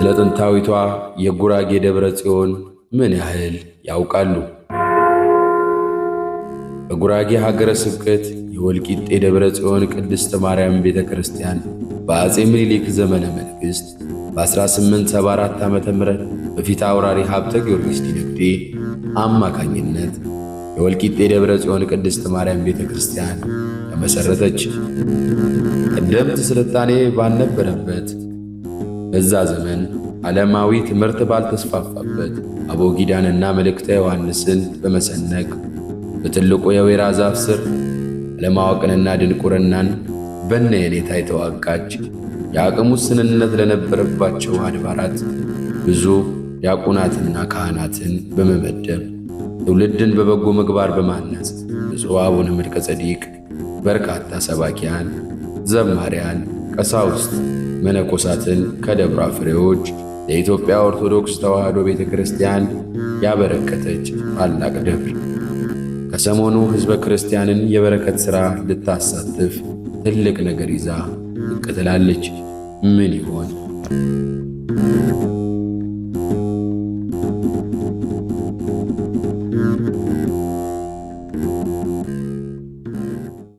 ስለ ጥንታዊቷ የጉራጌ ደብረ ጽዮን ምን ያህል ያውቃሉ? በጉራጌ ሀገረ ስብከት የወልቂጤ ደብረ ጽዮን ቅድስተ ማርያም ቤተ ክርስቲያን በአጼ ምኒልክ ዘመነ መንግሥት በ1874 ዓ ም በፊት አውራሪ ሀብተ ጊዮርጊስ ዲነግዴ አማካኝነት የወልቂጤ ደብረ ጽዮን ቅድስተ ማርያም ቤተ ክርስቲያን ተመሠረተች። ቀደምት ስልጣኔ ባልነበረበት በዛ ዘመን ዓለማዊ ትምህርት ባልተስፋፋበት አቦጊዳንና መልእክተ ዮሐንስን በመሰነቅ በትልቁ የወይራ ዛፍ ስር አለማወቅንና ድንቁርናን በነ የኔታ የተዋጋች የአቅም ውስንነት ለነበረባቸው አድባራት ብዙ ዲያቆናትና ካህናትን በመመደብ ትውልድን በበጎ ምግባር በማነጽ ብፁዕ አቡነ መልከ ጼዴቅ በርካታ ሰባኪያን፣ ዘማሪያን፣ ቀሳውስት መነኮሳትን ከደብረ ፍሬዎች ለኢትዮጵያ ኦርቶዶክስ ተዋሕዶ ቤተ ክርስቲያን ያበረከተች ታላቅ ደብር ከሰሞኑ ሕዝበ ክርስቲያንን የበረከት ሥራ ልታሳትፍ ትልቅ ነገር ይዛ ብቅ ትላለች። ምን ይሆን?